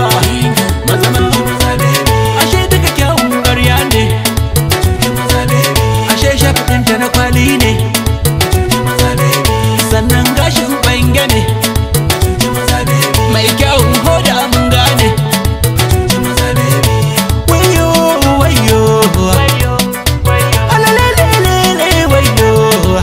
ba maza maza ashe duka kyawun ƙarya ne ashe shafaɗinta na kwali ne